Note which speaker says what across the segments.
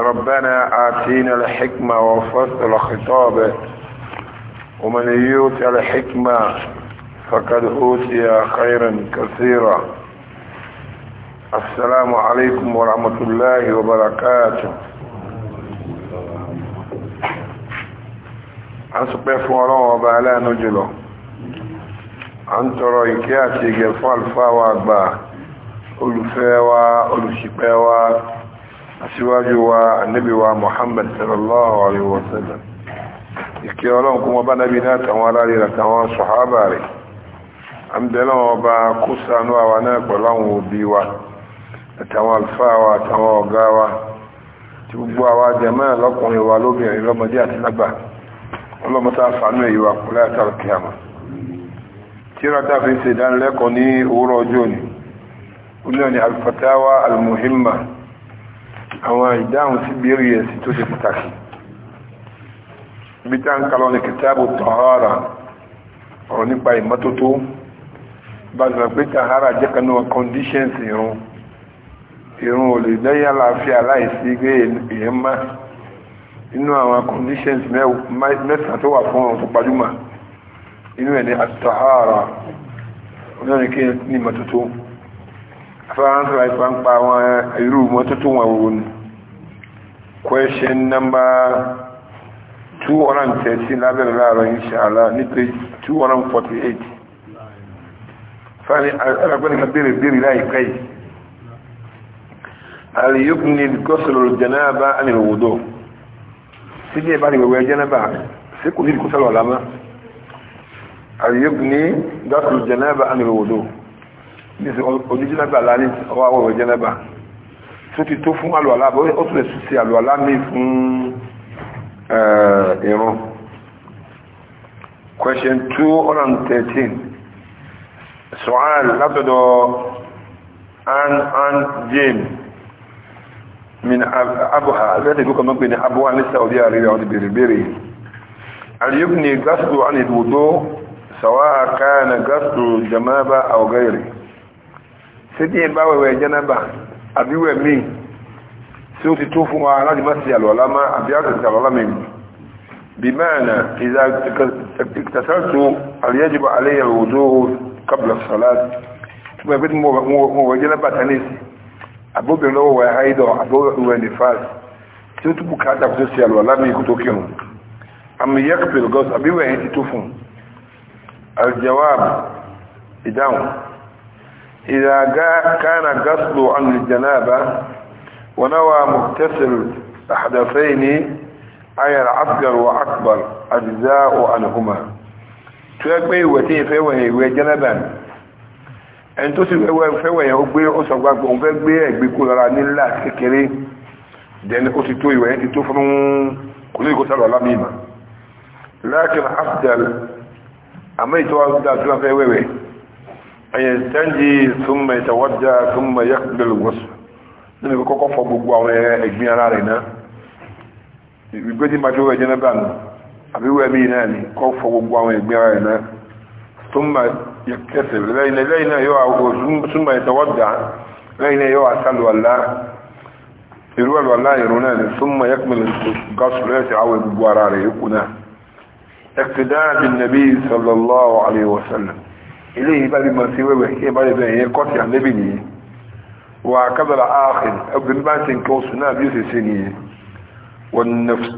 Speaker 1: ربنا آتينا الحكمة وفصل خطابه ومن يوت الحكمة فقد أوتي خيرا كثيرا السلام عليكم ورحمة الله وبركاته a ń sọpẹ́ fún ọlọ́wọ́ ọba aláàánú jùlọ a ń tọrọ ìkẹ́ àti ìgẹ̀ aṣíwájú wa annabi wa muhammad sallallahu alaihi wasallam ike ọlọ́run kuma bá nabi náà tàwọn aláàrí àtàwọn sọ̀hábà rẹ̀ àmdẹ́lọ́ ọba kó sánú àwa náà pẹ̀lú àwọn òbí wa àtàwọn alfáà wa àtàwọn ọ̀gá wa tí gbogbo àwa jẹ́mọ́ lọ́kùnrin wa lóbìnrin lọ́mọdé àti lágbà àwọn ìdáhùn sí bèèrè ẹ̀sì tó ṣe pàtàkì ibi tá ń kalọ́ ní kìtàbù tọ̀hárà ọ̀rọ̀ nípa ìmọ́tótó bá ti pé tọ̀hárà jẹ́ kanú conditions irun irun ò lè lẹ́yìn àlàáfíà láìsí pé èèyàn má inú àwọn conditions mẹ́sàn tó wà fún ọ̀rọ̀ tó gbajúmọ̀ inú ẹ̀ ní àtọ̀hárà ọ̀nà kí ní ìmọ́tótó afẹ́ràn tó láìpá ń pa àwọn irú ìmọ́tótó wọn wò ni question number 230 lábẹ̀rẹ̀ láàrọ̀ inṣàlá ní page 248 fani alágbẹ́nìkan bèèrè bèèrè láìpẹ́ yìí alìyókùnlé gọ́sùlù jẹ́nàbá alìrìnwòdó sí ní ẹ̀bá ìwẹ̀wẹ̀ jẹ́nàbá sí kò ní ìkúsọ̀lọ̀ ọ̀lámá alìyókùnlé gọ́sùlù jẹ́nàbá alìrìnwòdó ní sí ojú jẹ́nàbá láàrín ọwọ́ àwọ̀wẹ̀ jẹ́nàbá tó ti tó fún alùwàlá ó tún lè ṣe alùwàlá mi fún ìrun question 213 sọ́hán látọ̀dọ̀ an an james min abuha lẹ́tẹ̀ tó kọmọ́ pé ní abuha ní saudi arabia wọ́n ti bèèrè bèèrè aliyuk ni gasdo an ìdúdó sawa kana gasdo jama'a ba a ọgáyìrì sí tí ìbáwẹ̀wẹ̀ àbíwẹ̀ míì tí ó ti tó fún wa láti má sí àlọ́lá má àbí àtàtà àlọ́lá mi bí mẹ́rìnà ìtàṣàtò àríyájúbà aléyà òjò kábla sàláàtì tí wọ́n pẹ́ tí wọ́n wọ́n jẹ́lẹ́ bàtà ní sí àbóbìnrin lọ́wọ́ wà áìdọ̀ àbóbìnrin ní fàájì tí ó إذا كان قصد عن الجنابة ونوى مغتسل أحدثين أي العصقر وأكبر أجزاء عنهما تلقي وتي فوه وجنبا أن تسي فوه يغبي أسواق وغبي يغبي لرا الله ككري دين أسيتوي ويأتي تفرون كل يقول سلو لكن أفضل أما يتوى أفضل تلقي يستنجي ثم يتوجه ثم يقبل الغسل nínú ìgbẹ́ kọ́kọ́ fọ gbogbo àwọn ẹ̀gbin ara rẹ̀ náà ìgbẹ́ tí máa tó wẹ̀ jẹ́nẹ́bà nù àbíwẹ̀ bí náà ni kọ́ fọ gbogbo àwọn ẹ̀gbin ara rẹ̀ náà ثم يكتسب lẹ́yìn lẹ́yìn náà yóò àwọ̀ ثم يتوضأ lẹ́yìn náà yóò àsàlù àlá irú àlùwàlá ìrún náà ni ثم يكمل الغسل lẹ́sẹ̀ àwọ̀ gbogbo ara rẹ̀ yókù náà اقتداء بالنبي صلى الله عليه وسلم ilé yìí bá lè mọ̀ sí wẹ́wẹ́ kí ẹ bá lè bẹ̀rẹ̀ yẹn kọ́sì àlébì nìyí wà kábàlà áàkìn obìnrin bá ti nǹkan oṣù náà bí ó ṣe ṣe nìyí wọn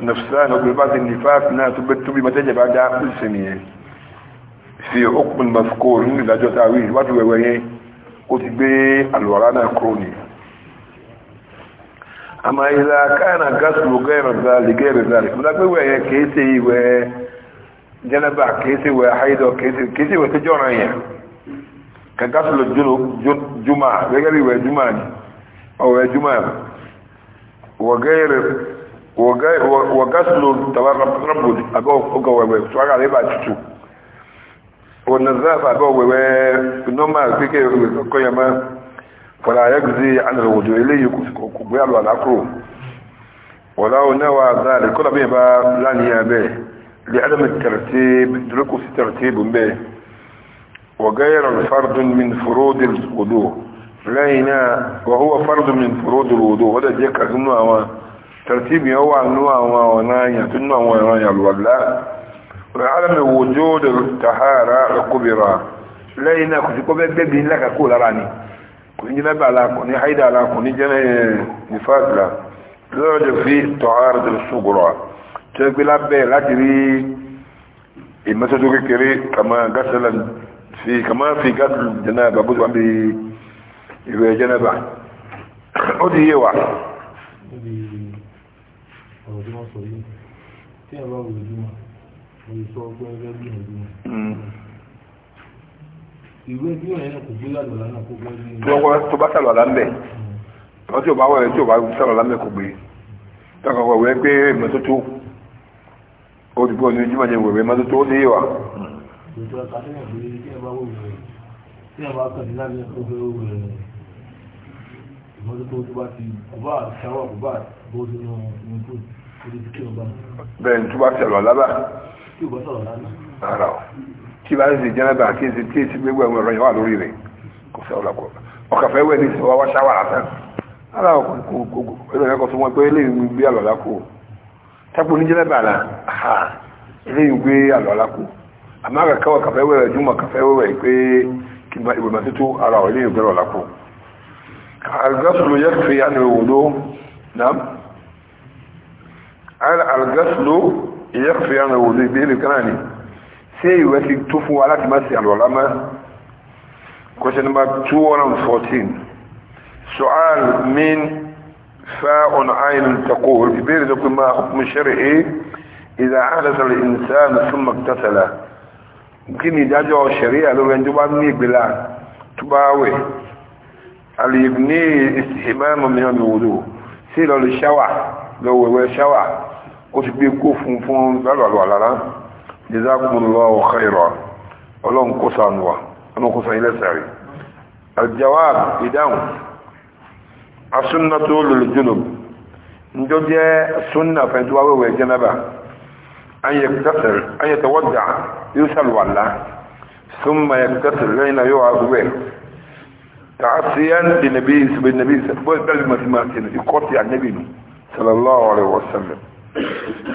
Speaker 1: nàfṣà náà obìnrin bá ti nífàáfì náà tó bẹ tóbi mọ́tẹ́jẹ̀ bá dá ó ṣe nìyí fi okùn mọ̀síkò nínú ìdájọ́ tá a wí wájú wẹ́wẹ́ yẹn ó ti gbé àlùwàrá náà kúrò ní àmà ìlà káyà náà gáàsì gẹ́rẹ̀ jẹnẹba kèése wẹ àhàyídọ kèése wẹ tẹjọ ọ̀ràn yẹn kàkà sọlọ jùmọ̀ gẹ́gẹ́ bí wẹ juma ni ọ̀wẹ̀ jùmọ̀ wọ̀gá sọlọ tabarabù abẹ́ ọgọ wẹ̀wẹ̀ sọ́gà lẹ́bà tutù wọ̀nà záfà abẹ́ wẹ̀wẹ̀ nọ́mà kéèké kọ́yẹmọ́ fọ̀lá ayẹ́gùzí ànàlọ́wọ̀dọ̀ eléyìí kò gbé àlọ́ àlákùrò wọ̀láwọ̀ náà wà záà lè kọ́lá bí ẹ bá láníyàn bẹ́ẹ̀ لعدم الترتيب ادركوا في ترتيب به وغير الفرض من فروض الوضوء لينا وهو فرض من فروض الوضوء وده جيكا انه ترتيب هو انه هو وانا ونايا انواع ونايا الولاء وعلم وجود الطهارة الكبرى لينا كنت كبير بيبي لك كل راني كنت نبع لك كنت حيدا لك كنت جنة نفاق لك درجة في طهارة الصغرى tẹ́gbé lábẹ́ láti rí ìmọ́sọ́tò kékeré kàmá gásẹ́lẹ̀ fi kàmá fi gásẹ́lẹ̀ jẹ́nàbà bó ti wà bí ìwẹ̀ jẹ́nàbà ó ti yé wa. ọ̀rọ̀ tí wọ́n sọ yìí tí ẹ̀rọ òwe jùmọ̀
Speaker 2: òye sọ ọgbọ́n ẹgbẹ́ bí òye jùmọ̀. ìwé bí òye náà kò gbé àlọ́lá náà kó tó bá
Speaker 1: sàlọ̀ àlá ń bẹ̀ wọ́n bá sàlọ̀ àlá hmm. kò gbé ó ní ojúmọ̀ ní wèrè mọ́tò tó lé wa. bẹ́ẹ̀ni tó bá sẹ̀lọ̀ lábà tí bá sì lábà kí n sì tí èsì gbégbé ẹ̀wọ̀n ẹ̀rọ yẹn wà lórí rẹ̀ kò ọkà fẹ́ wẹ̀ ní sọ wá ṣáwà látàn ara ọkọ̀ kò kò kò ẹ̀rọ wọn pé eléyìí gbé àlọ́ lákò tápò ní jẹ́ lábà eléyìí gbé àlọ́ alákò àmọ́ àkàkọ́ kàfẹ́ wẹ̀rẹ̀ jùmọ̀ kàfẹ́ wẹ̀rẹ̀ pé kí n bá ìwé màtí tó ara ọ̀ eléyìí gbẹ̀rọ̀ alákò algasulu yẹ fi àná ìwòdó nam algasulu yẹ fi àná ìwòdó ìbéèrè kan náà ni ṣé ìwé ti tó fún wa láti má sí àlọ́ سؤال من فاء عين تقول ìbéèrè tó pé máa إذا عادت الإنسان ثم اقتتل يمكن يدعو الشريعة لو ينجب مني بلا تباوي اليبني استحمام من الوضوء سيلو للشوع لو هو شوع كتبي كفن فون فلو على لا جزاكم الله خيرا ولو انقصى نوا انقصى إلى سعي الجواب إدام السنة للجنب نجد سنة فانتوا وجنبه أن يكتسل أن يتودع يسأل والله ثم يكتسل لين يوعظ به تعصيا بالنبي بالنبي بل مسماتنا يقطع النبي صلى الله عليه وسلم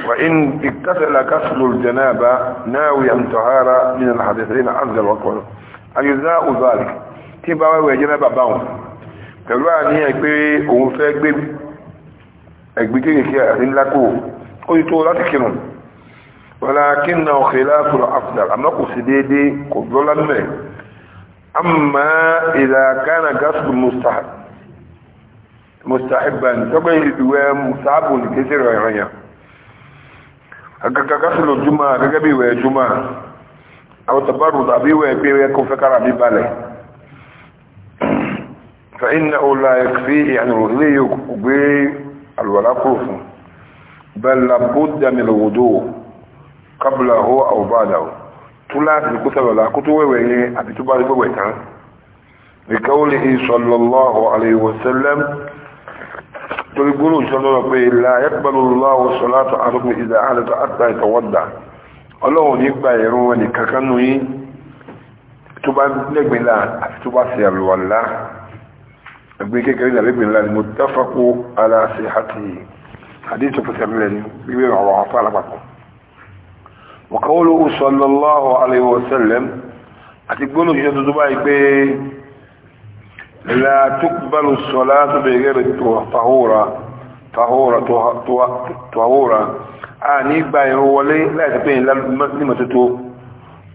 Speaker 1: وإن اكتسل كسل الجنابة ناوي أن طهارة من الحديثين عز وجل أجزاء ذلك تبا وجنابة باون pẹ̀lú àníyàn pé òun fẹ́ gbé ẹgbẹ́ kéèkéé àti ńlákò ó ti tó ولكنه خلاف الأفضل أما قصديدي قدولا منه أما إذا كان قصد مستحب مستحبا تبعي الدوام مستحب لكثير غيرها أكاك قصد الجمعة كبي الجمعة أو تبرد أبي ويبي ويكون فكر أبي بالي فإنه لا يكفيه يعني الغلي يكبي الولاء بل لابد من الوضوء kábùlà ó àwòbáàdà ó túláàsì kó sàlọ̀lá kó tó wẹ̀wẹ̀ yẹn àti tó bá rí wẹ̀wẹ̀ tán لقوله صلى الله عليه وسلم تقولون صلى الله عليه لا يقبل الله صلاة عرض إذا عادت حتى يتودع الله يقبع يروني ككنوي تبا نقبل الله تبا سيال والله أقول كي كرينا لقبل الله المتفق على صحته حديث فسر لني بيبين الله عفا لبكم وقوله صلى الله عليه وسلم أتقولوا في دبي بي لا تقبل الصلاة بغير طهورة طهورة طهورة أني باي هو لي لا تبين لما تتو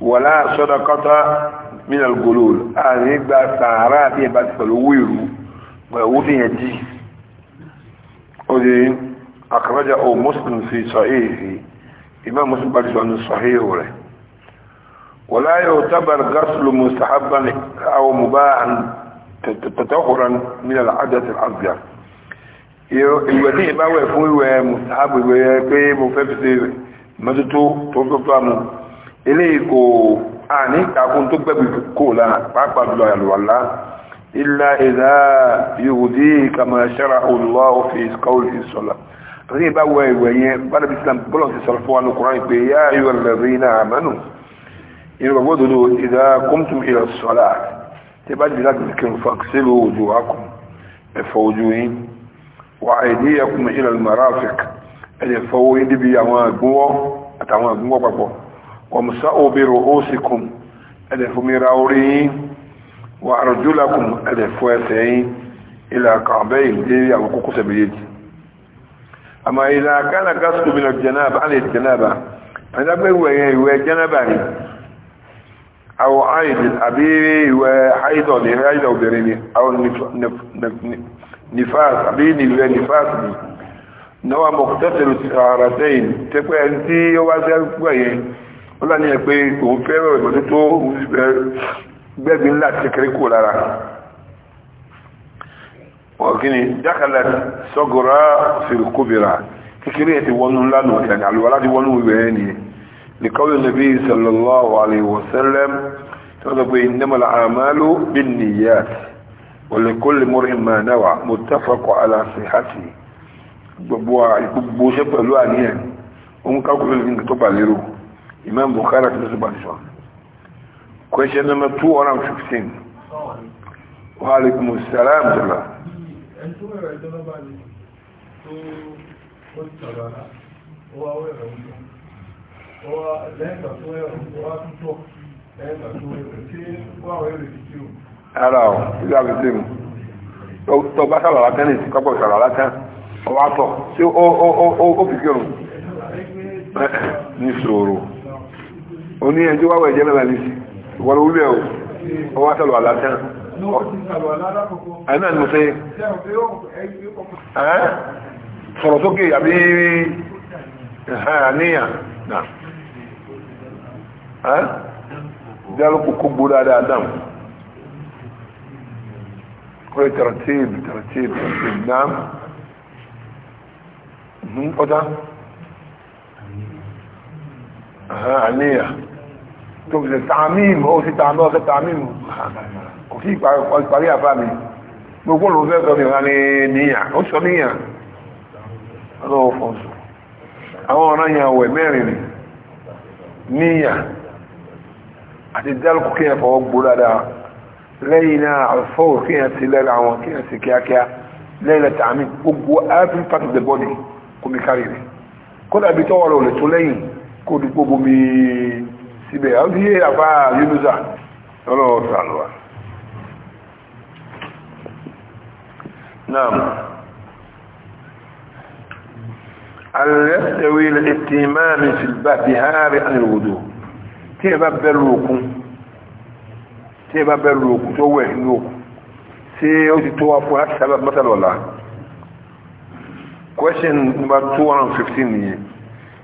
Speaker 1: ولا صدقة من القلول أني باي سهرات يبات فالويرو ويوتي يجي أخرجه مسلم في صحيحه imam muslim bá ti sọ ní sahihu rẹ̀ wala yu'tabar ghaslu mustahabban aw mubahan tatahuran min al-'adat al-asghar ìwẹ̀ tí ìbá wẹ̀ fún ìwẹ̀ mustahabu ìwẹ̀ pé mo fẹ́ fi ṣe mọ́tótó tó tó tó àmú eléyìí kò àní ìtàkùn tó gbẹ̀bì kò lára pàápàá jùlọ àlùwàlá illa idha yuhdika kama shara'allahu fi qawlihi sallallahu torí ìbá wọ ìwẹ̀ yẹn bára bí islam bọ́lọ̀ ti sọ̀rọ̀ fún wa ní kuran pé yá ayọ̀ lẹ́rìí náà àmánù ìrọ̀bà gbọ́dọ̀ ìdá kúmtùm ila sọ́lá tí bá jìlá ti kírun fún àkísílò ojú akùn ẹ̀fọ́ ojú yín wà àìdí ẹkùn ila marafik ẹ̀dẹ̀ fọwọ́ yín débi àwọn àgbúwọ́ àtàwọn àgbúwọ́ papọ̀ wà musa obìnrin ó sì kùn ẹ̀dẹ̀ fún mi ra orí yín wà àrùjúlà kùn ẹ̀dẹ̀ fún ẹsẹ̀ yín ila kàbẹ́yìn débi àwọn kókó sẹ̀bẹ̀yẹ́jì أما إذا كان قصد من الجنابة عن الجنابة هذا بيوه جنابة أو عيد الأبي وحيد لحيد أو بريني أو نف... نف... نف... نفاس أبيني ونفاس بي نوع مقتتل سهارتين تقوى أنت يوازل قوي ولا نيكوي كون فيرو بطوتو gbẹ́gbin láti kékeré kó lára ọ̀gíní dákàlẹ̀ sọ́gọ́rá fìrìkúbìrà kékeré ẹ̀ ti wọnú lánàá ìlànà àlùwàlá ti wọnú ìwẹ̀ ẹ̀ nìyẹn nìkọ́wé nàbí sallallahu alayhi wa sallam tí wọ́n sọ pé innamal a'malu binniyat wa likulli mur'in ma nawa muttafaq ala sihhati gbogbo gbogbo ṣe pẹ̀lú Imam Bukhari àti mr banishon question number two hundred and fifteen wa alaykum salaam jala
Speaker 2: ẹni tó wẹ̀rẹ̀ ẹjọ́ lọ́bàá ni tó ó ti sọ̀rọ̀ àná ó wá wẹ̀rẹ̀ ọ̀hún ó wá lẹ́yìnbà
Speaker 1: tó wẹ̀rẹ̀ ọ̀hún ó wá tún tọ̀ lẹ́yìnbà tó wẹ̀rẹ̀ tí ó wà wẹ̀rẹ̀ ti kí o. ara ọ̀ ilé àbí sí mu tó bá sọ̀rọ̀ látẹ́ ní kọ́pọ̀ sọ̀rọ̀ látẹ́ ó wá tọ̀ tí ó fi kírun ní sòrò ó ní ẹjọ́ wáwọ̀ ẹ̀jẹ̀ mẹ́ta ní sí wọ́n wúlẹ̀ o ó wá sọ̀rọ̀ látẹ́ àìmọ́ ni mo ṣe
Speaker 2: sọ̀rọ̀ sókè àbí
Speaker 1: àníyàn náà jálùkù kó gbó dáadáa dáhùn kọ́lé tàràtíìbì tàràtíìbì tàràtíìbì náà mhmm, ọ̀tá àníyàn tó fi ṣe tààmìmù ó sì tààmì ọ̀sẹ̀ tààmìmù kò sí ìparí àbá mi gbogbo olùkọ́ fẹ́ sọ mi wá ní níyà ó sọ níyà ọlọ́wọ́ fọ́sù àwọn ọ̀rọ̀ yẹn wẹ̀ mẹ́rin rìn níyà àti dálùkù kí ẹ fọwọ́ gbó dáadáa lẹ́yìn náà àfọwọ́ kí ẹ sí lẹ́la àwọn kí ẹ sí kíákíá lẹ́yìn tààmì gbogbo every part of the body kò mi kárí kódà bí tọ́wọ́ rẹ̀ ò lè tó lẹ́yìn kó dùn gbogbo síbẹ̀ àwọn tí yé àbá yúnúsà lọ́lọ́wọ́ sàlùwà náà alẹ́sẹ̀wé lẹ́tẹ̀ máa ní fìlbà ti hàárẹ̀ àìròdò tí ẹ bá bẹ̀rù òkun tí ẹ bá bẹ̀rù òkun tó wẹ̀ inú òkun tí ó ti tó wá láti sábà mọ́tàlọ́lá question number 215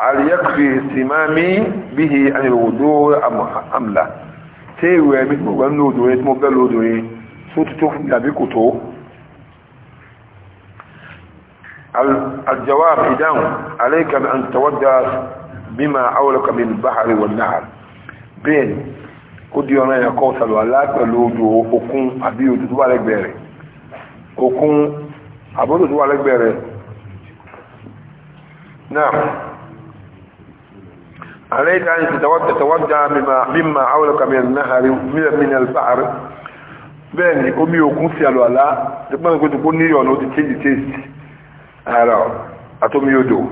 Speaker 1: هل يكفي اهتمامي به عن الوضوء أم لا تيوى مثل قال نودوي اسمه قال نودوي صوت تحمل بكتو الجواب إذن عليك أن تودى بما أولك من البحر والنهر بين كودي أنا يقول سلوى لا تلودو أكون أبيو تدوى لك بيري أكون أبيو تدوى لك بيري نعم عليك أن تتوجع مما, مما حولك من النهر من البحر بين أمي وكنسي الولاء تبقى كنت تقول نيري ونو تشيجي تيست هلا أتم يدو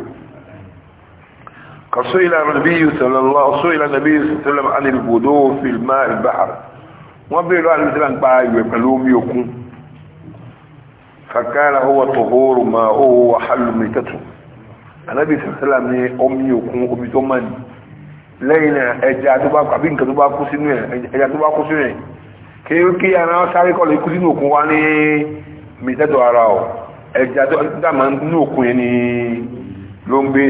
Speaker 1: قصيل النبي صلى الله سئل النبي صلى الله عليه وسلم عن البدو في الماء البحر وبيلو عن مثلا باي وكلوم يكون فكان هو طهور ماؤه وحل ميتته النبي صلى الله عليه وسلم أمي يكون أمي تمني lẹ́yìn ẹja tó bá kú àbí nǹkan tó bá kú sínú ẹ̀ ẹja tó bá kú sínú ẹ̀ kí ó kí ara sáré kọ́ lè kú sínú òkun wá ní mìtẹ́tọ̀ ara ọ̀ ẹja tó dàmà nínú òkun yẹn ni ló ń gbé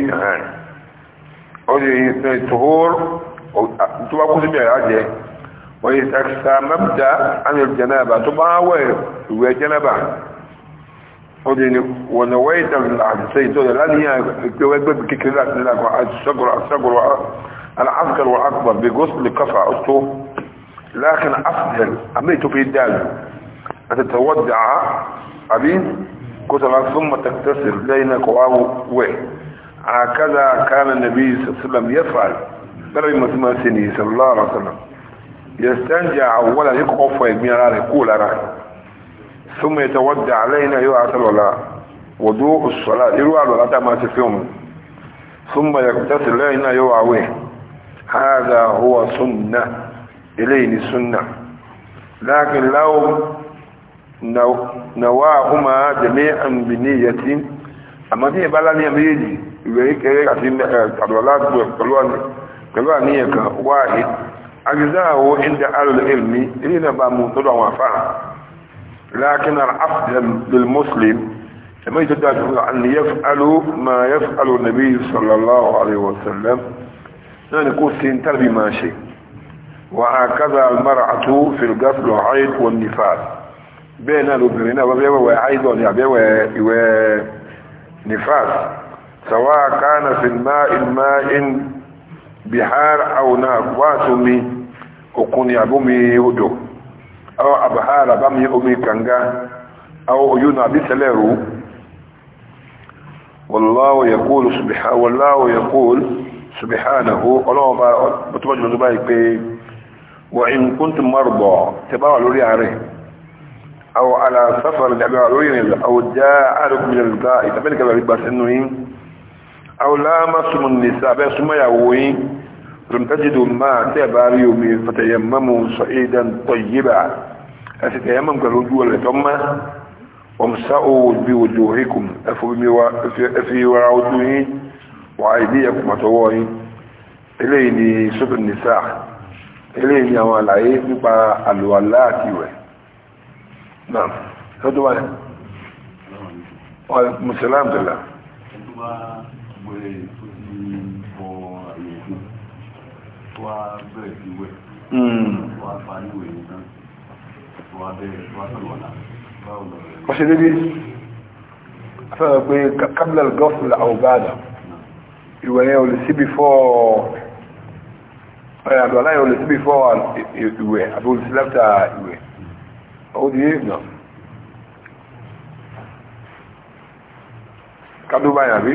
Speaker 1: ó lè ṣe tòhóró tó bá kú sínú ẹ̀ wọ́n ṣàkíṣà jẹ́nàbà tó bá wẹ̀ ìwẹ̀ jẹ́nàbà ó lè ní àti ṣe láníyàn ìpẹ́wẹ́gbẹ́ kékeré láti nílà kan àti العسكر واكبر بغسل قطع اسطو لكن أفضل أميت في الدال أن تتودع أبين كتلا ثم تكتسل لينك وعوه هكذا كان النبي صلى الله عليه وسلم يفعل برمى ثمانسيني صلى الله عليه وسلم يستنجع أولا يقف من على قول رأي ثم يتودع علينا يعتل ولا وضوء الصلاة يروى الولاء ما تفهمه ثم يكتسر لينا يوعوه هذا هو سنة إليه سنة لكن لو نواهما جميعا بنية أما في بلاني أميدي يبقى كيريك أسين الولاد آه، كلوانية واحد أجزاه عند أهل العلم إلينا بمطلع وفاة لكن الأفضل للمسلم لما يتدعون أن يفعلوا ما يفعل النبي صلى الله عليه وسلم يعني كوسين تربي ماشي وهكذا المرأة في القتل والعيد والنفاس بين الأبنين وعيد ونفاس سواء كان في الماء الماء بحار أو نهر أمي وكون يعبومي ودو أو أبهار بامي أمي كنغا أو عيون أبي سليرو والله يقول سبحانه والله يقول subhanahu ọlọ́wọ́ bá bọ́tọ́bọ́ jùlọ tó báyìí pé wa in kuntum marda tẹ́ bá wà lórí ààrẹ aw ala safar tẹ́ bá wà lórí ìrìnlẹ̀ aw ja'alakum min al-ghaa'ib ìtàbẹ́lẹ̀ kẹfà rí gbà sínú yín aw lamastumun nisa bẹ́ẹ̀ súnmọ́yàwó yín lam tajidu máa tẹ́ bá وأيديكم أتوائي إليني سب النساء إليني أولا يبقى الولاة نعم هدوا وعليكم السلام تلا wọ́n ṣe dédé fẹ́rẹ̀ pé kábílẹ̀ gọ́ọ̀fù làwọn bá dà ìwẹ̀yẹn olùsí before ọ̀rẹ́ àdó aláyẹ̀ olùsí before ìwẹ̀ àbí olùsí after ìwẹ̀ ó di èèyàn kádó báyìí àbí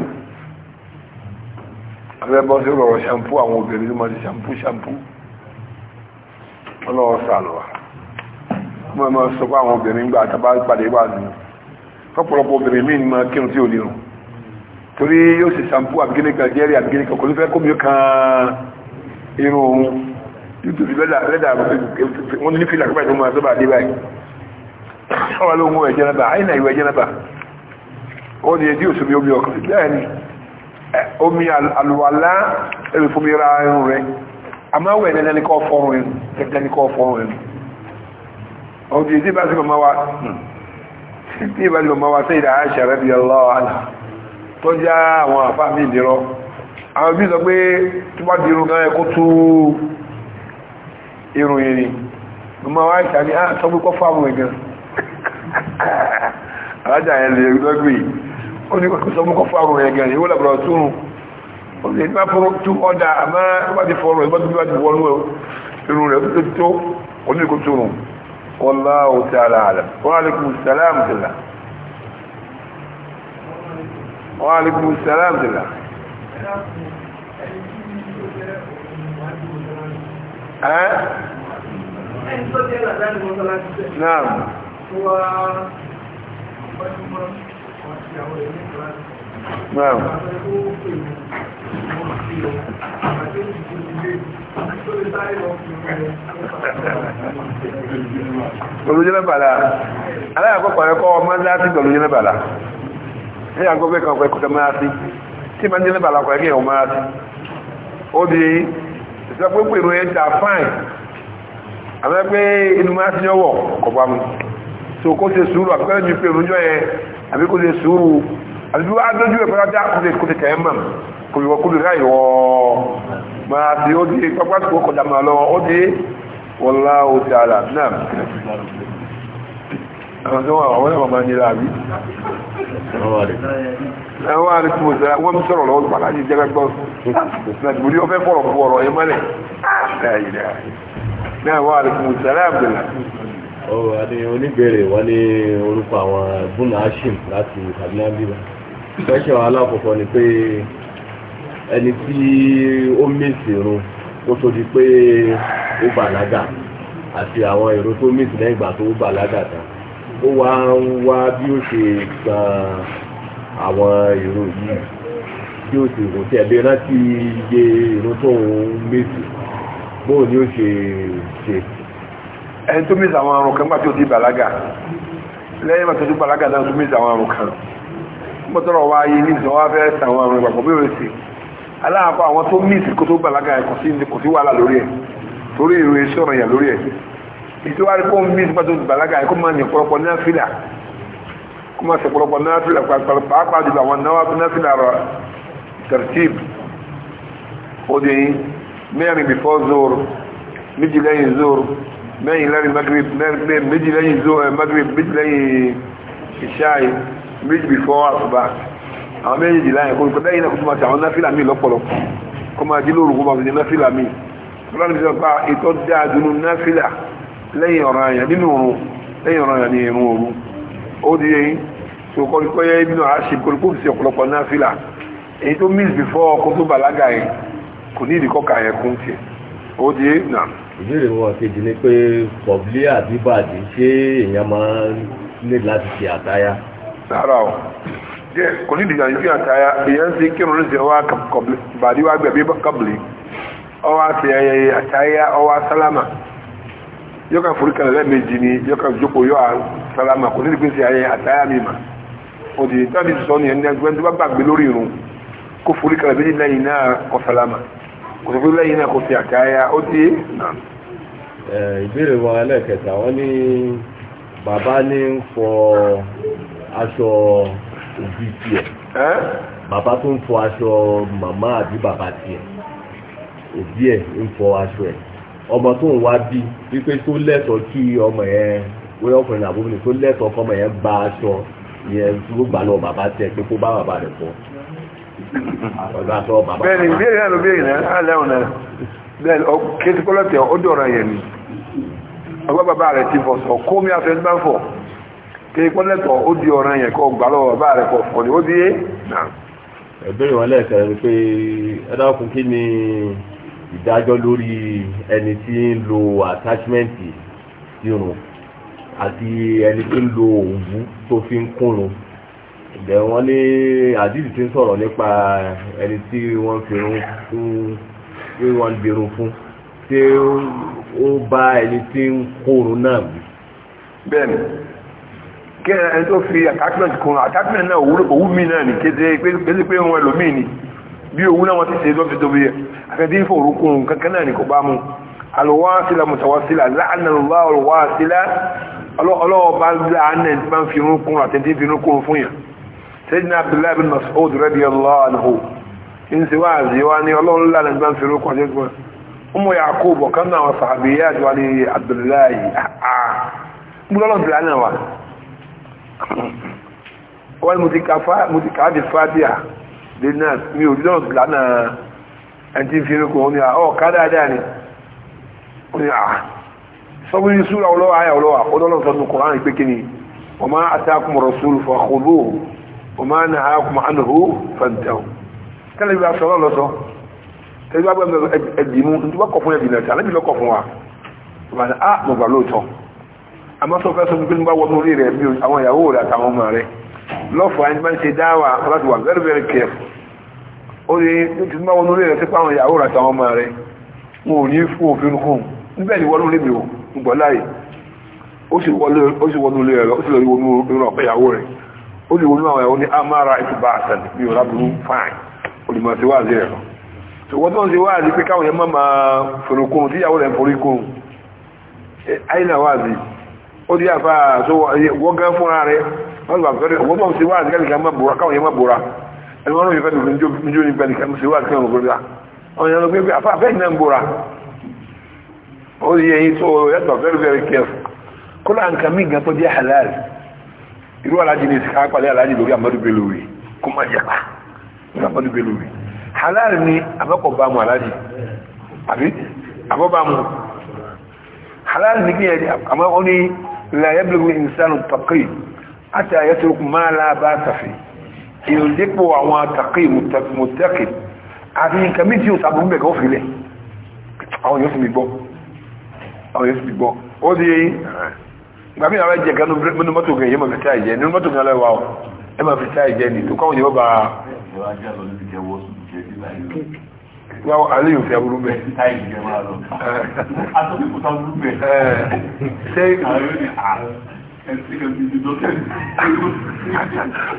Speaker 1: abẹ́ bọ́ sí ọ̀rọ̀ shampoo àwọn obìnrin ló máa ti shampoo shampoo ọlọ́wọ́ sàlọ́wà mo máa sọ pé àwọn obìnrin gbà àtàbà pàdé wà nù fọ́pọ̀lọpọ̀ obìnrin míì ni máa kírun tí ò ní rùn torí yóò sì sàmpú àbígínì kan jẹ́rì àbígínì kan kò ní fẹ́ kó mi kan irun òun nítorí lẹ́dà lẹ́dà wọ́n ní fìlà kọ́bàá tó máa sọ́bà dé báyìí wọ́n ló ń wọ ẹ̀jẹ̀ náà àyìn náà ìwọ ẹ̀jẹ̀ náà wọ́n ní ẹdí òsùnmi omi ọkàn bẹ́ẹ̀ ni omi àlùwàlá ẹ̀rù fún mi ra irun rẹ̀ àmọ́ wẹ̀ ní ẹni kọ́ fọ́run ẹnu ẹni kọ́ fọ́run ẹnu ọdún ìdí bá sí màmá wa sí hmm, ìbá sí màmá wa sí ìdá àṣà rẹ̀ bí ọlọ́ọ̀ tó já àwọn àfá mi ìdírọ́ àwọn bí sọ pé tó bá di irun gan ẹkó tú irun yìí ni mo máa wá ìṣà ní àtọ́gbé ah, kọ́ fáwọn ẹ̀gàn alájà yẹn lè lọ́gbì ó ní kọ́ sọmú kọ́ fáwọn ẹ̀gàn ìwó làbọ̀rọ̀ túrun ó lè ní bá fọ́rọ̀ tú ọ̀dà àmọ́ bá ti fọ́rọ̀ ìbá tó bá ti wọnú irun rẹ̀ tó tó oníkó túrun wallahu ta'ala salam tẹ̀lá wa alaikum salam dìlà
Speaker 2: ẹ́ eh? ẹni tó jẹ́ àdáni mọ́sálásí tẹ́ náà wà ọ̀pọ̀lọpọ̀ ìyàwó ẹ̀mí ìgbàlásí Naam.
Speaker 1: Olùjẹ́lẹ̀ bàlá. Aláyàkọ́ pàrẹ kọ́ ọmọ láti pẹ̀lú jẹ́lẹ̀ bàlá ní agbọ́gbẹ́ kan ọ̀pẹ́ kọjọ máa sí tí ma ń jẹ́ lẹ́bàá lápẹ́ kí ẹ̀hùn máa sí ó di ìsọpẹ́pẹ́ ìròyìn ẹ̀ta fáìn àmẹ́pẹ́ inú máa sí ọwọ́ kọ̀bá mu so kó ṣe sùúrù àbíkọ́ mi pé ìrúnjọ́ yẹn àbí kó ṣe sùúrù àbí wọ́n adójú ẹ̀ pẹ́lá dá kó ṣe tẹ̀ mọ̀ kò wọ́n kó lè ráyè wọ́ máa sí ó di pápá àwọn tó wà wọ́n lẹ́wọ̀n máa nílá àbí ẹwọ́ àríkú òṣèrè wọ́n sọ̀rọ̀ lọ́wọ́ pàdá ní jẹ́gbẹ́gbọ́ ìsìnàjìbòrí ọfẹ́ fọ̀rọ̀ fún ọ̀rọ̀ yẹn mọ́lẹ̀ ẹwọ́ àríkú òṣèrè àbẹ̀là ọ̀rọ̀ adé oníbẹ̀rẹ̀ wọ́n ní
Speaker 2: orúkọ àwọn búnà ashim láti kàdínà bíbá fẹ́ṣẹ̀ alákọ̀ọ́kọ́ ni pé ẹni tí ó mèsì irun ó tó di pé ó bàlágà àti àwọn èrò tó mèsì lẹ́yìn ìgbà tó bàlágà tán ó wá ń wá bí ó ṣe gba àwọn èrò yìí bí ó ṣe kò tí ẹ̀ lè rántí iye èrò tó ń méjì bóò ni ó
Speaker 1: ṣe ṣe. ẹni tó mèsì àwọn àrùn kan gbà tí ó ti bàlágà lẹ́yìn bàtà tó bàlágà náà tó mèsì àwọn àrùn kan mọ́tọ́rọ̀ wa yé ní ìsìn wa fẹ́ ta àwọn àrùn ìgbàgbọ́ bí ó ṣe aláàkọ́ àwọn tó mèsì kó tó bàlágà kò sí wàhálà lórí ẹ̀ torí èrò iṣẹ́ ọ̀rọ̀ ìtòwárí kó ń bí nípa tó bàlágà kó máa ní pọ̀lọpọ̀ náà fìlà kó máa ṣe pọ̀lọpọ̀ náà fìlà pàápàá jùlọ àwọn náà wàá náà fìlà rọ tẹ̀rẹ̀tìb òde mẹ́rin bìfọ́ zoro méjì lẹ́yìn zoro mẹ́rin lẹ́yìn magrib méjì lẹ́yìn zoro magrib méjì lẹ́yìn ìṣáì méjì bìfọ́ àsùbá àwọn méjì lẹ́yìn kó lẹ́yìn náà kó tó máa ṣe àwọn náà fìlà míì lọ́pọ̀lọpọ̀ kó máa dín lóru kó máa ṣe náà fìlà míì lẹ́yìn ọ̀rọ̀ àyàn nínú òru lẹ́yìn ọ̀rọ̀ àyàn ní ìrún òru ó di yẹn tó kọ́ ikọ́ yẹ nínú àṣì kórópó ọ̀pọ̀lọpọ̀ náà fìlà èyí tó miss before ọkọ̀ tó bàlágà yẹn kò ní ìdíkọ́ kà yẹn kún tiẹ̀ ó di yẹn nà. ìbéèrè wọn kejì ni pé pọ̀blì àbíbàdì ṣé èèyàn máa ní láti ṣe àtáyà. rárá o jẹ kò ní ìdíjà ìṣe àtáyà èèyàn ṣe kírun yóò ká forí kan lẹ́ẹ̀mejì ni yóò ká jókòó yóò sálámà kò nílùú pèsè ayé àtàyà mi mà òdì tábìlì sọ ni ẹni ẹgbẹ́ tó bá gbàgbé lórí irun kó forí kan lẹ́ẹ̀mejì lẹ́yìn náà kó sálámà kò sọ pé lẹ́yìn náà kò fi àtàyà ó ti nà.
Speaker 2: ìbéèrè wọn ẹlẹ́kẹta wọn ní bàbá ní ń fọ aṣọ òbí tiẹ̀ bàbá tó ń fọ aṣọ màmá àbí bàbá tiẹ̀ òbí ẹ̀ ń fọ aṣọ ẹ̀ ọmọ tó ń wá bí wípé tó lẹ́tọ̀ọ́ kí ọmọ yẹn ọkùnrin àbúrò tó lẹ́tọ̀ọ́ kọ́mọ yẹn bá aṣọ yẹn tó gbà lọ bàbá tẹ pé kó bá bàbá rẹ̀ fọ́ ó
Speaker 1: yẹn ni ọgbà bàbá ti sọ kó mi bá ó di yẹn gbà bàbá rẹ̀ ni ó
Speaker 2: di pé ẹ dákun ìdájọ́ lórí ẹni tí ń lo àtáṣmẹ́ǹtì irun àti ẹni tí ń lo òwú tó fi ń kúrun ìbẹ̀ wọ́n ní àdìsí tí ń sọ̀rọ̀ nípa ẹni tí wọ́n fi irun fún tí wọ́n ń birun fún tí
Speaker 1: ó bá ẹni tí ń kúrun náà bí. bẹ́ẹ̀ni kí ẹni tó fi attachment kun attachment náà òwú mi náà ní kété pé pé wọn ẹlòmíì ni bí òwú náà wọn ti ṣe lọ́fi tóbi yẹ akadi forukun kankana ni ko bamu alwasila mutawasila la'anna allah alwasila olo ba la'anna ti man fi rukun ati ti fi rukun fún yan sayyidina abdullah bin mas'ud radiyallahu anhu in si wazi wa ni olo la ni man fi rukun ati ti umu yaqub wa kana wa sahabiyat wa ni abdullah ah bulolo la'anna wa wal mutikaffa mutikafi fatiha linnas mi ò lọ́nà ẹ̀ntí fíríkù ó ní ọ̀ kádáadáa ni ó ní àà ah. sọ́gbọ́n ní súra ọlọ́wà ayà ọlọ́wà ọlọ́lọ́ sọ́dún kùránì pé kí ni wa ma ataakum rasulu fakhudhuhu wa ma nahakum anhu fantahu tẹ́lẹ̀ bí a sọ lọ́lọ́sọ tẹ́lẹ̀ bí a gbẹ́ ẹ̀dìmú ní bá kọ̀ fún ẹ̀dìmú ẹ̀tì alẹ́bí lọ́kọ̀ fún wa ọba ní a ah, mọ̀ gbà lóòótọ́ a máa sọ fẹ́ sọ pé nígbà wọnú orí rẹ̀ bí lọ́fọ̀ ẹni ń ṣe dáwà láti wà very very careful ó lè tí máa wọnú lè rẹ̀ sí fáwọn ìyàwó rẹ̀ àtàwọn ọmọ rẹ̀ wọn ò ní fún òfin kún níbẹ̀ ni wọnú lè mi ò gbọ́ láyè ó sì wọnú lè rẹ̀ ó sì lọ rí wọnú ìran ọ̀pẹ ìyàwó rẹ̀ ó lè wọnú àwọn ìyàwó ní amara ìtùbà àtàlẹ̀ bí ọ̀rá burú fáìn olùmọ̀ sí wáàzí rẹ̀ lọ ṣùgbọ́n tó ń ṣe wáàzí pé káwọn yẹn má máa fèrè kún tí ìyàwó rẹ̀ ń forí kún àìlà wáàzí ó di àfà wọ́gán fúnra rẹ̀ wọ́n tó ń ṣe wáàzí káwọn yẹn má bora ẹni wọn ló yẹ fẹ́ dùn níjó ní bẹ́ẹ̀ nìkan ṣe wà kí wọn gbọ́dọ̀ àwọn èèyàn ló gbé àfa àfẹ́yìn náà ń bora ó yẹ yín tó yàtọ̀ very very careful kó láà nǹkan mí gan tó jẹ́ halal irú alájí ni ìsìnká pàdé alájí lórí amadu belori kó má yàpá lórí amadu belori halal ni abẹ́kọ̀ bá mu alájí àbí àbọ̀ bá mu halal ni kí yẹn àmọ́ ó ní la yablugu insanu taqi ata yatruku ma la ba'sa fihi èèyàn dípò àwọn àtàkì mùtẹ́kì àti nǹkan méjì ò sàbùn bẹ̀kẹ́ ó fìlẹ̀ àwọn yóò sì mi gbọ́ àwọn yóò sì mi gbọ́ ó di ìgbà mí àwọn ẹ̀jẹ̀ kan nínú mọ́tò kan yẹn máa fi táyà jẹ nínú mọ́tò kan lẹ́wà ó ẹ máa fi táyà jẹ ní tó káwọn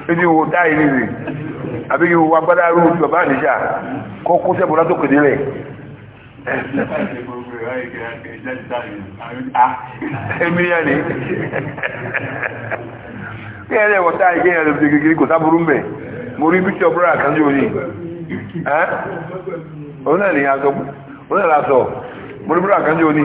Speaker 1: ebi wo táyì nìyí àbí yìí wo agbádá rú ojú ọba àdìjà kó kó sẹ́bù látò kèdè rẹ̀ ẹ̀mìyàn ni kí ẹ̀rẹ́ wọ táyì kí ẹ̀rẹ́ lọ́pẹ́ kékeré kò sáburú mbẹ̀ mo rí píṣọ búrá àkájú òní ọ̀nà ni a sọ mo rí búrá àkájú òní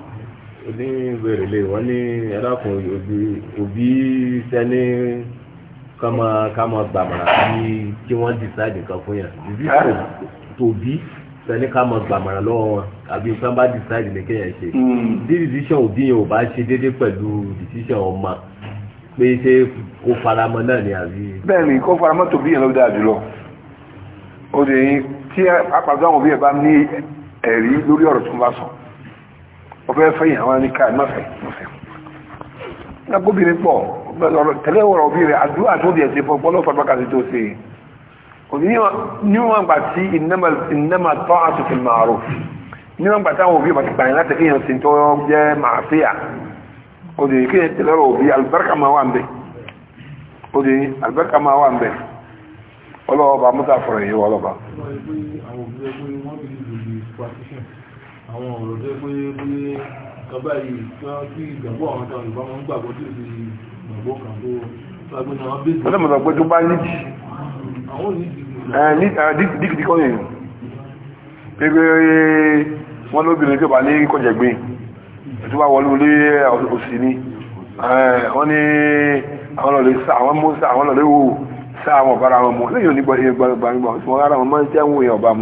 Speaker 1: oníbèrè lè wọ́n ní
Speaker 2: ẹlọ́kùn òbí sẹ́ni kọ́mọ kọ́mọ gbàmọ̀ràn sí kí wọ́n decide nǹkan fún yàn ìbí tòbí sẹ́ni kọ́mọ gbàmọ̀ràn lọ́wọ́ wọn àbí nǹkan bá decide ní kéèyàn ṣe hmm. bí decision òbí yẹn ò bá ṣe déédéé pẹ̀lú
Speaker 1: decision ọmọ pé ṣé kó faramọ́ náà ni àbí. bẹ́ẹ̀ni kó faramọ́ tòbí yẹn ló dáa jùlọ ó lè tí apàdé àwọn òbí yẹn bá ní ẹ̀rí lórí ọ̀rọ̀ tó ń bá sọ ọ̀fẹ́ fẹ́yìn àwọn ní káà mọ́fẹ́ mọ́fẹ́ lágbóbìnrin pọ̀ tẹ́lẹ̀ wọ̀rọ̀ obìnrin àdúrà tó di ẹ̀sìn fọ́pọ́ lọ́fà bá kàtí tó ṣe òní níwọ̀n gbà tí ìnáma tọ́ àtúntì màárù níwọ̀n gbà táwọn òbí bàtí gbàyìn láti kéèyàn sí tó jẹ́ màáfíà òdì kéèyàn tẹ́lẹ̀ wọ̀rọ̀ òbí alùbáríkà máa wà ń bẹ̀ òdì alùbáríkà máa wà ń bẹ̀ ọlọ́ọ̀bà mọ́tà fọ̀rọ̀ yìí wọ́lọ́ba
Speaker 2: àwọn ọ̀rọ̀ tó pé pé kọba yìí kí ìgbàgbọ́ àwọn táwọn Yorùbá máa ń gbàgbọ́ tó fi gbàgbọ́ kan tó lágbé náà bẹ́ẹ̀. wọ́n lè mọ̀ pé tó bá nídìí. àwọn ò nídìí. díkìdí kọ́ yẹn
Speaker 1: pépé wọ́n lóbìnrin tó bá ní kọjẹ̀gbé tó bá wọlé olé òsì ni wọ́n ní àwọn lọ́lẹ̀ sá àwọn mú sá àwọn lọ́lẹ̀ wò sá àwọn ọ̀bára wọn mú lẹ́yìn onígbàgbà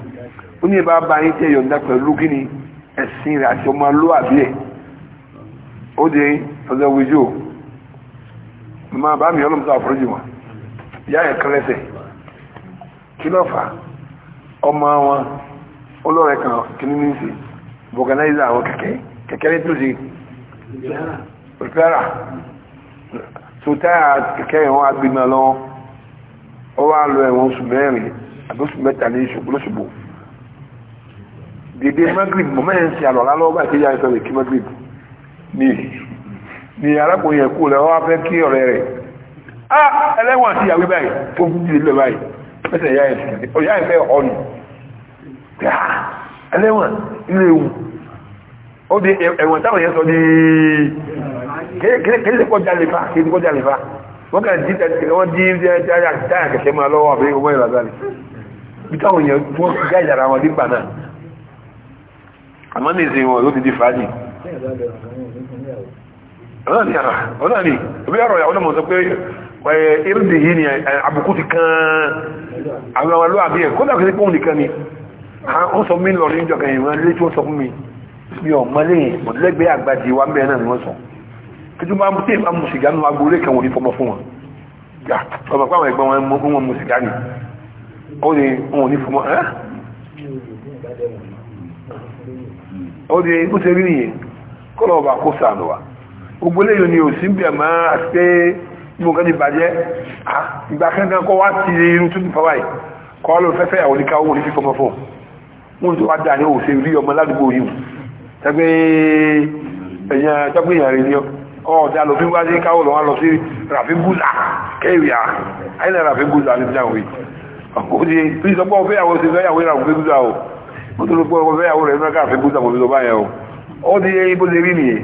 Speaker 1: ó ní ìbá bá yín tẹ́ yọ̀ǹda pẹ̀lú kí ni ẹ̀sìn rẹ̀ àti ọmọ ló àbí ẹ̀ ó dé ọjọ́ wíjú o màmá bá mi ọlọ́mùtọ́ àforíjì wọn ìyá ẹ̀ kan lẹ́sẹ̀ kí ló fà ọmọ wọn olóòrẹ̀ kan kìíní ní sí vulcanizer àwọn kẹ̀kẹ́ kẹ̀kẹ́ ní tó ṣe rìpẹ́rà tó táyà kẹ̀kẹ́ ìwọ̀n agbègbè lọ ó wá lọ ẹ̀wọ̀n oṣù mẹ́rin àbí oṣù mẹ́ta ní ìṣògbó dèdè magrib mo mẹ́rin sí àlọ́lá lọ́wọ́ bá ìkéjà ìsọ̀rọ̀ kí magrib ni ni arákùnrin ẹ̀kú rẹ̀ wọ́n fẹ́ kí ọ̀rẹ́ rẹ̀ ah ẹlẹ́wọ̀n sí ìyàwó báyìí tó fún jílé lọ báyìí pẹ́sẹ̀ ìyá ìfẹ́ ọ̀nù ẹlẹ́wọ̀n ilé ewu ó di ẹ̀wọ̀n táwọn yẹn sọ ní kéèkéé kọ́ jalè fa kéèkéé kọ́ jalè fa wọ́n kàn jí wọ́n jí táyà kẹ̀kẹ́ máa lọ́wọ́ àbí ọmọ ìlàgbà ni bí táwọn yẹn wọ́n gáìjà ara wọn nígbà náà àmọ́ ní ìsìn wọn ló ti di fàájì ọ̀nà ni ọ̀nà ni ìbí ọ̀rọ̀ ìyàwó náà mọ̀ sọ pé irúdì yìí ni àbùkù ti kan àwọn ọmọ alóàbí ẹ̀ kó dàkẹ́ sí pọ́ùn nìkan ni ó sọ mí lọ níjọ kan ìwọ̀n lé tí ó sọ fún mi mi ò mọ́lé mọ̀lẹ́gbẹ́ àgbàjì wa mẹ́rin náà ni wọ́n sọ kí tó máa tẹ́ ìbámu sìgá nù agboolé kan wò ní fọmọ fún wọn ọmọ pàwọn ẹ̀gbọ́n wọn mú sìgá ni ó ní wọn ò ní fọmọ ẹ́ ó di bó ṣe rí nìyẹn kọ́lọ̀ ọba kó sànù wa gbogbo eléyìí ni òsì ń bẹ̀ máa àti pé níbo kan ti bàjẹ́ ìgbà kankan kọ́ wá ti irun tó ti fa wáyé kọ́ ló fẹ́fẹ́ àwọn oníkà owó ní fífọmọ fún wọn tó wá dà ní òsè rí ọmọ ládùúgbò yìí tẹgbẹ́ ẹ̀yàn tọ́gbẹ́ ìyàn rẹ̀ ni ọ̀dà lóbi wá sí káwọ́ lọ́wọ́ lọ sí ràfin búzà kẹ́rìà àyìnlẹ̀ ràfin búzà ní ìjà òwe ó tó ló pé ọkọ̀ fẹ́yàwó rẹ̀ nígbà fẹ́ búta mọ̀bí tó bá o ó di eyín bó ṣe rí nìyẹn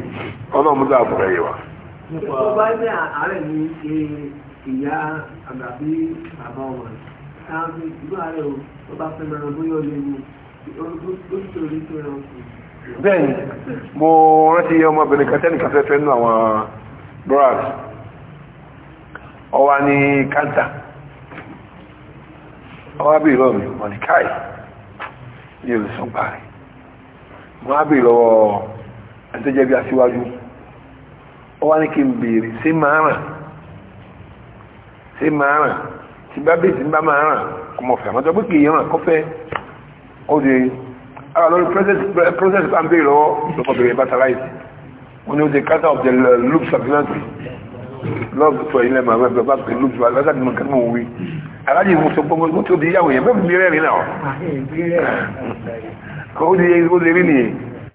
Speaker 1: ọlọ́run múta àbúrò ẹ̀yẹ
Speaker 2: o tó
Speaker 1: mo rántí ọmọbìnrin kan tẹ́nìkan fẹ́ nú àwọn bras ọwa ní káńtà ọwa bí ìlọ́ọ̀mì wọ́n ni káì ní olùsàn parí mo á bèèrè lọ́wọ́ ẹni tó jẹ́ bí aṣíwájú ó wá ní kí n bèèrè ṣé máa ràn ṣé máa ràn tí bá bèèrè tí bá máa ràn kò mọ̀ fẹ́ àmọ́tọ́ pé kì í ràn kọ́ fẹ́ ó di ara lórí process bá ń bèèrè lọ́wọ́ lọ́kọ̀ bèèrè bàtàláìsì wọ́n ní ó di carter of the loop of the country lọ́ọ̀bù tó ilẹ̀ màmá ẹgbẹ́ bá pè loops wà lọ́sàdìmọ̀ kẹ́mọ̀ wí aláàjì mo sọ gbogbo mo tó di yàwó yẹn bẹ́ẹ̀ bí rẹ́rìn náà ah, ó di rí nìyẹn